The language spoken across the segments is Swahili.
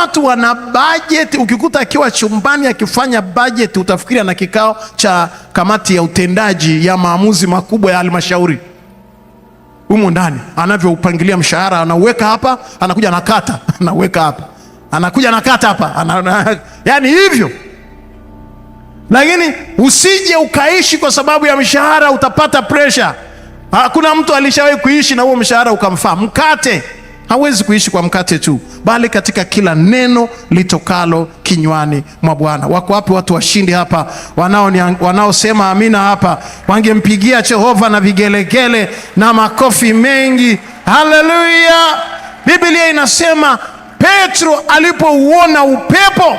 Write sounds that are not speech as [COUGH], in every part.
watu wana bajeti. Ukikuta akiwa chumbani akifanya bajeti, utafikiri na kikao cha kamati ya utendaji ya maamuzi makubwa ya halmashauri. Humo ndani anavyoupangilia mshahara, anauweka hapa, anakuja anakata, [LAUGHS] anaweka hapa, anakuja anakata hapa, ana, [LAUGHS] yani hivyo. Lakini usije ukaishi kwa sababu ya mshahara, utapata presha. Hakuna mtu alishawahi kuishi na huo mshahara ukamfaa mkate hawezi kuishi kwa mkate tu, bali katika kila neno litokalo kinywani mwa Bwana. Wako wapi watu washindi hapa, wanaosema wanao amina hapa? Wangempigia Jehova na vigelegele na makofi mengi. Haleluya! Biblia inasema Petro alipouona upepo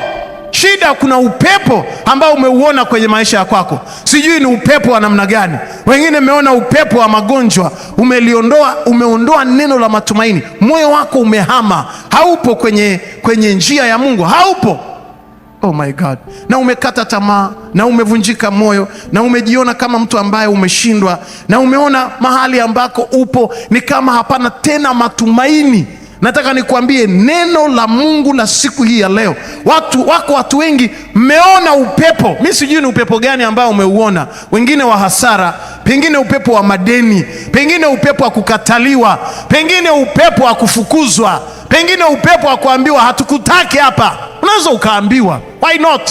shida, kuna upepo ambao umeuona kwenye maisha ya kwako. Sijui ni upepo wa namna gani. Wengine mmeona upepo wa magonjwa, umeliondoa, umeondoa neno la matumaini, moyo wako umehama, haupo kwenye, kwenye njia ya Mungu, haupo Oh my God, na umekata tamaa na umevunjika moyo na umejiona kama mtu ambaye umeshindwa na umeona mahali ambako upo ni kama hapana tena matumaini. Nataka nikuambie neno la Mungu la siku hii ya leo. Watu wako watu wengi mmeona upepo, mi sijui ni upepo gani ambao umeuona, wengine wa hasara, pengine upepo wa madeni, pengine upepo wa kukataliwa, pengine upepo wa kufukuzwa, pengine upepo wa kuambiwa hatukutaki hapa. Unaweza ukaambiwa why not,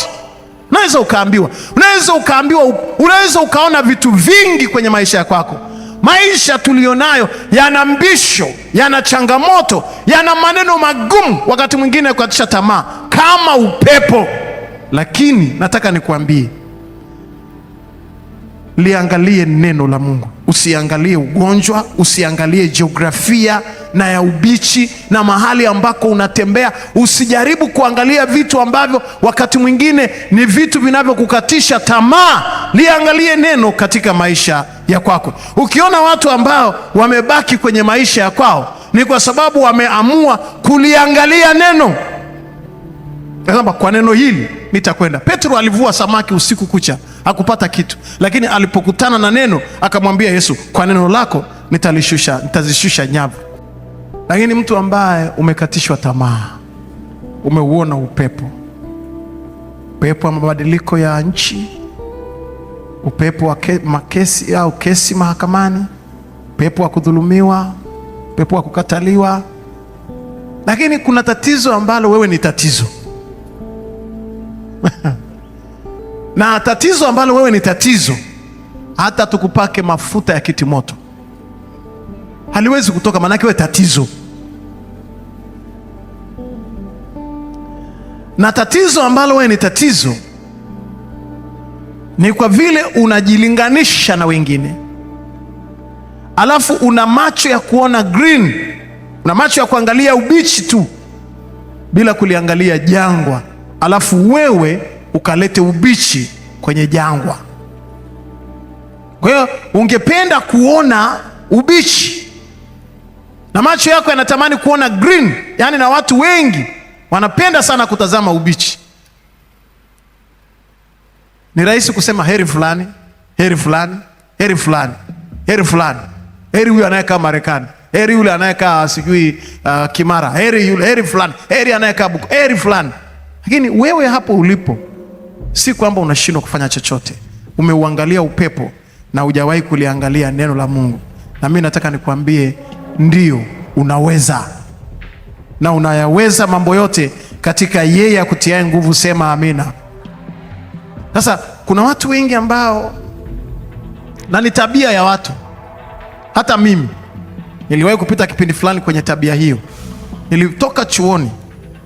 unaweza ukaambiwa, unaweza ukaambiwa, unaweza ukaona vitu vingi kwenye maisha yako Maisha tuliyonayo yana mbisho, yana changamoto, yana maneno magumu, wakati mwingine ya kukatisha tamaa kama upepo, lakini nataka nikuambie liangalie neno la Mungu, usiangalie ugonjwa, usiangalie jiografia na ya ubichi na mahali ambako unatembea. Usijaribu kuangalia vitu ambavyo wakati mwingine ni vitu vinavyokukatisha tamaa. Liangalie neno katika maisha ya kwako. Ukiona watu ambao wamebaki kwenye maisha ya kwao, ni kwa sababu wameamua kuliangalia neno, kwamba kwa neno hili nitakwenda. Petro alivua samaki usiku kucha hakupata kitu, lakini alipokutana na neno akamwambia Yesu, kwa neno lako nitalishusha, nitazishusha nyavu. Lakini mtu ambaye umekatishwa tamaa, umeuona upepo, upepo wa mabadiliko ya nchi, upepo wa ke, makesi au kesi mahakamani, upepo wa kudhulumiwa, upepo wa kukataliwa, lakini kuna tatizo ambalo wewe ni tatizo na tatizo ambalo wewe ni tatizo, hata tukupake mafuta ya kiti moto haliwezi kutoka, maanake wewe tatizo. Na tatizo ambalo wewe ni tatizo ni kwa vile unajilinganisha na wengine, alafu una macho ya kuona green, una macho ya kuangalia ubichi tu bila kuliangalia jangwa, alafu wewe ukalete ubichi kwenye jangwa. Kwa hiyo ungependa kuona ubichi na macho yako yanatamani kuona green, yaani, na watu wengi wanapenda sana kutazama ubichi. Ni rahisi kusema heri fulani, heri fulani, heri fulani, heri fulani, heri huyu anayekaa Marekani, heri yule anayekaa sijui uh, Kimara, heri yule, heri fulani, heri anayekaa Buku, heri fulani. Lakini wewe hapo ulipo Si kwamba unashindwa kufanya chochote, umeuangalia upepo na hujawahi kuliangalia neno la Mungu. Na mimi nataka nikuambie, ndio unaweza na unayaweza mambo yote katika yeye akutiaye nguvu. Sema amina. Sasa kuna watu wengi ambao, na ni tabia ya watu, hata mimi niliwahi kupita kipindi fulani kwenye tabia hiyo. Nilitoka chuoni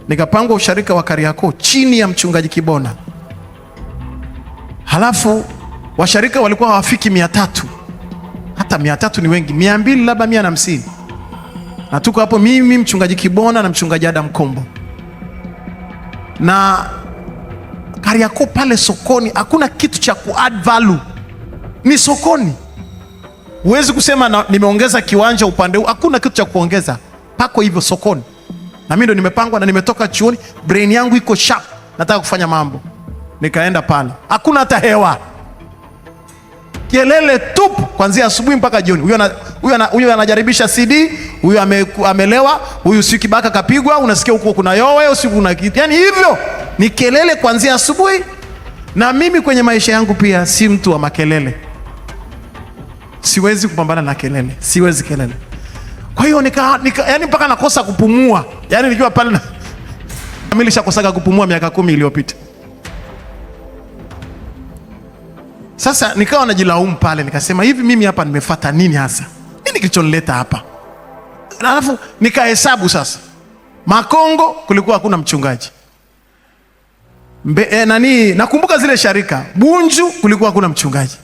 nikapangwa usharika wa Kariakoo chini ya mchungaji Kibona. Halafu washarika walikuwa hawafiki mia tatu, hata mia tatu ni wengi, mia mbili labda mia na hamsini, na tuko hapo mimi mchungaji Kibona na mchungaji Adam Kombo na Kariakoo pale sokoni hakuna kitu cha add value, ni sokoni. Huwezi kusema na, nimeongeza kiwanja upande huu, hakuna kitu cha kuongeza, pako hivyo sokoni. Na mimi ndo nimepangwa na nimetoka chuoni, brain yangu iko sharp, nataka kufanya mambo nikaenda pale, hakuna hata hewa, kelele tupu kuanzia asubuhi mpaka jioni. Huyo anajaribisha CD, huyo ame, amelewa, huyu si kibaka kapigwa, unasikia huko kuna yowe, usiku kuna kitu, yani hivyo ni kelele kuanzia asubuhi. Na mimi kwenye maisha yangu pia si mtu wa makelele, siwezi kupambana na kelele, siwezi kelele. Kwa hiyo nika, nika, yani mpaka nakosa kupumua, yani nikiwa pale na... nilishakosaga [LAUGHS] kupumua miaka kumi iliyopita. Sasa nikawa najilaumu pale, nikasema hivi, mimi hapa nimefata nini hasa? Nini kilichonileta hapa? Alafu nikahesabu sasa, Makongo kulikuwa hakuna mchungaji Mbe, eh, nani nakumbuka zile sharika Bunju kulikuwa hakuna mchungaji,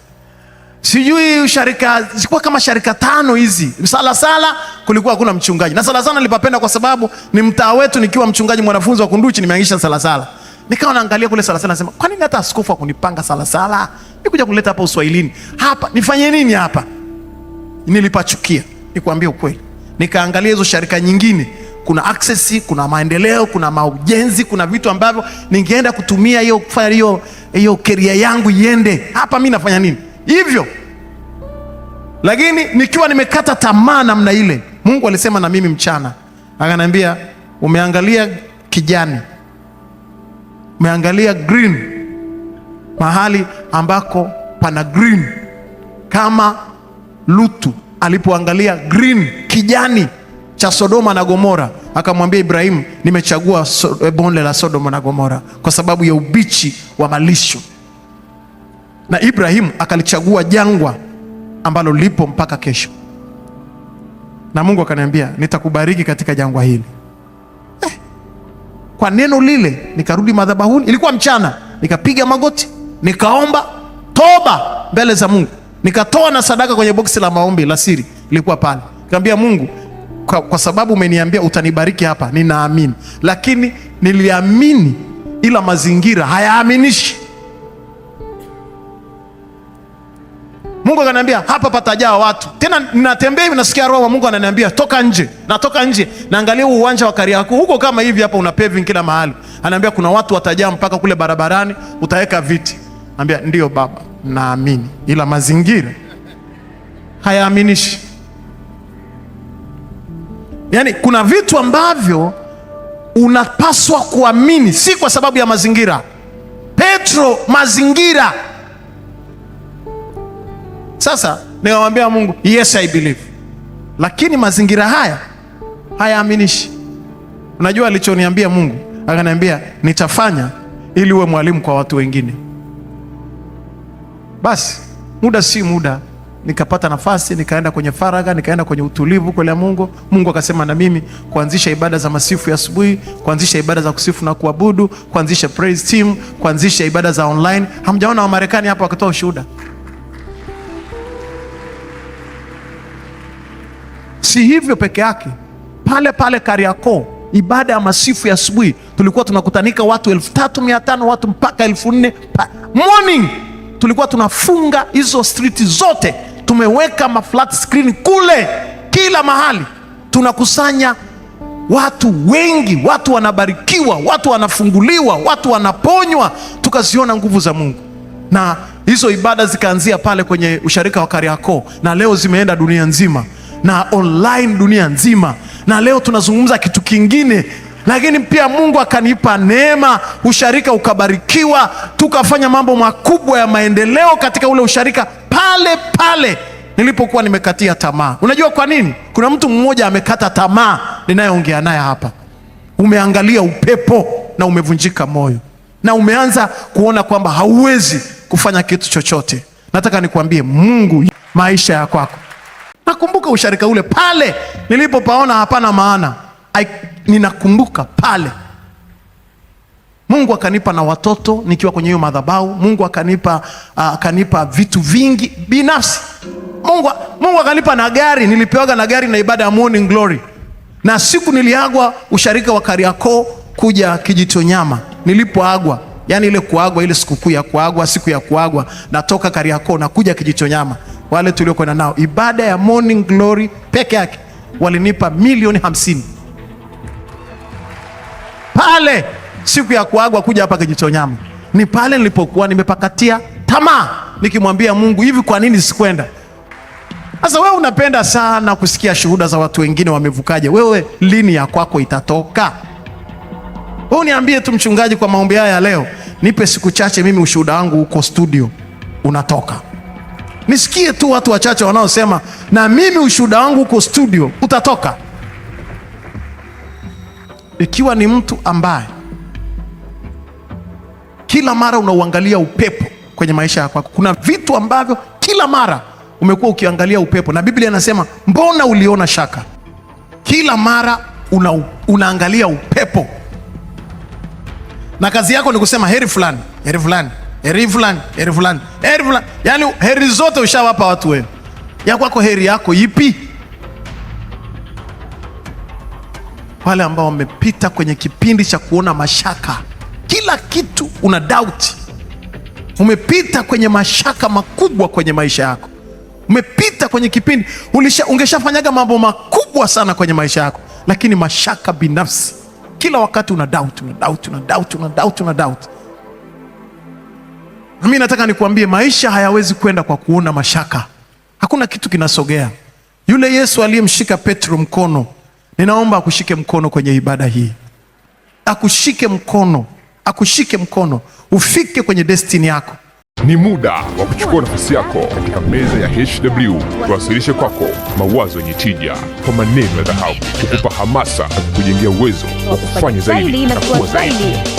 sijui sharika zilikuwa kama sharika tano hizi. sala kulikuwa hakuna mchungaji, na Salasala nilipapenda kwa sababu ni mtaa wetu. Nikiwa mchungaji mwanafunzi wa Kunduchi nimeangisha Salasala. Nikawa naangalia kule Salasala nasema, kwa nini hata askofu akunipanga Salasala? Nikuja kuleta hapa Uswahilini. Hapa nifanye nini hapa? Nilipachukia. nikuambia ukweli. Nikaangalia hizo sharika nyingine, kuna access, kuna maendeleo, kuna maujenzi, kuna vitu ambavyo ningeenda kutumia hiyo kufanya hiyo hiyo keria yangu iende. Hapa Mi nafanya nini? Hivyo. Lakini nikiwa nimekata tamaa namna ile, Mungu alisema na mimi mchana. Akaniambia, umeangalia kijani Umeangalia green, mahali ambako pana green, kama Lutu alipoangalia green, kijani cha Sodoma na Gomora, akamwambia Ibrahimu, nimechagua e, bonde la Sodoma na Gomora kwa sababu ya ubichi wa malisho, na Ibrahimu akalichagua jangwa ambalo lipo mpaka kesho, na Mungu akaniambia, nitakubariki katika jangwa hili kwa neno lile nikarudi madhabahuni, ilikuwa mchana, nikapiga magoti nikaomba toba mbele za Mungu, nikatoa na sadaka kwenye boksi la maombi la siri, ilikuwa pale. Nikamwambia Mungu kwa, kwa sababu umeniambia utanibariki hapa, ninaamini. Lakini niliamini ila mazingira hayaaminishi Mungu akaniambia hapa patajaa watu. Tena ninatembea hivi nasikia roho wa Mungu ananiambia toka nje. Natoka nje. Naangalia uwanja wa Kariakoo. Huko kama hivi hapa una paving kila mahali. Ananiambia kuna watu watajaa mpaka kule barabarani, utaweka viti. Anambia ndio baba, naamini. Ila mazingira hayaaminishi. Yaani kuna vitu ambavyo unapaswa kuamini si kwa sababu ya mazingira. Petro, mazingira sasa nikamwambia Mungu, yes I believe, lakini mazingira haya hayaaminishi. Unajua alichoniambia Mungu, akaniambia nitafanya ili uwe mwalimu kwa watu wengine. Basi muda si muda nikapata nafasi nikaenda kwenye faragha, nikaenda kwenye utulivu kwele Mungu. Mungu akasema na mimi kuanzisha ibada za masifu ya asubuhi, kuanzisha ibada za kusifu na kuabudu, kuanzisha praise team, kuanzisha ibada za online. Hamjaona Wamarekani hapa wakitoa ushuhuda. Si hivyo peke yake, pale pale Kariakoo, ibada ya masifu ya asubuhi tulikuwa tunakutanika watu elfu tatu mia tano watu mpaka elfu nne morning. Tulikuwa tunafunga hizo street zote, tumeweka maflat screen kule kila mahali, tunakusanya watu wengi, watu wanabarikiwa, watu wanafunguliwa, watu wanaponywa, tukaziona nguvu za Mungu na hizo ibada zikaanzia pale kwenye usharika wa Kariakoo na leo zimeenda dunia nzima na online dunia nzima. Na leo tunazungumza kitu kingine, lakini pia Mungu akanipa neema usharika ukabarikiwa, tukafanya mambo makubwa ya maendeleo katika ule usharika pale pale nilipokuwa nimekatia tamaa. Unajua kwa nini? Kuna mtu mmoja amekata tamaa ninayeongea naye hapa, umeangalia upepo na umevunjika moyo na umeanza kuona kwamba hauwezi kufanya kitu chochote. Nataka nikwambie Mungu maisha ya kwako Nakumbuka usharika ule pale nilipopaona hapana maana I, ninakumbuka pale Mungu akanipa na watoto nikiwa kwenye hiyo madhabau Mungu akanipa ah, akanipa uh, vitu vingi binafsi. Mungu, Mungu akanipa na gari, nilipewaga na gari na ibada ya morning glory, na siku niliagwa usharika wa kariako kuja Kijitonyama. Nilipoagwa yani ile kuagwa ile sikukuu ya kuagwa, siku ya kuagwa, natoka Kariakoo nakuja Kijitonyama wale tuliokwenda nao ibada ya Morning Glory peke yake walinipa milioni hamsini pale siku ya kuagwa kuja hapa Kijichonyama. Ni pale nilipokuwa nimepakatia tamaa nikimwambia Mungu, hivi kwa nini sikwenda? Sasa wewe unapenda sana kusikia shuhuda za watu wengine wamevukaje, wewe lini ya kwako itatoka? Wewe niambie tu mchungaji, kwa maombi haya ya leo nipe siku chache, mimi ushuhuda wangu huko studio unatoka. Nisikie tu watu wachache wanaosema, na mimi ushuhuda wangu uko studio, utatoka ikiwa ni mtu ambaye kila mara unauangalia upepo kwenye maisha yako. Kuna vitu ambavyo kila mara umekuwa ukiangalia upepo, na Biblia inasema mbona uliona shaka? Kila mara una, unaangalia upepo, na kazi yako ni kusema heri fulani, heri fulani heri fulani, heri fulani, heri fulani, Yani heri zote ushawapa watu wewe, ya kwako heri yako ipi? Wale ambao wamepita kwenye kipindi cha kuona mashaka, kila kitu una doubt. Umepita kwenye mashaka makubwa kwenye maisha yako, umepita kwenye kipindi ulisha, ungeshafanyaga mambo makubwa sana kwenye maisha yako, lakini mashaka binafsi, kila wakati una doubt, una doubt, una doubt, una doubt, una doubt. Na mimi nataka nikuambie, maisha hayawezi kwenda kwa kuona mashaka. Hakuna kitu kinasogea. Yule Yesu aliyemshika Petro mkono, ninaomba akushike mkono kwenye ibada hii, akushike mkono, akushike mkono, ufike kwenye destini yako. Ni muda wa kuchukua nafasi yako katika meza ya HW, tuwasilishe kwako mawazo yenye tija kwa maneno ya dhahabu, kukupa hamasa na kukujengea uwezo wa kufanya zaidi na kuwa zaidi.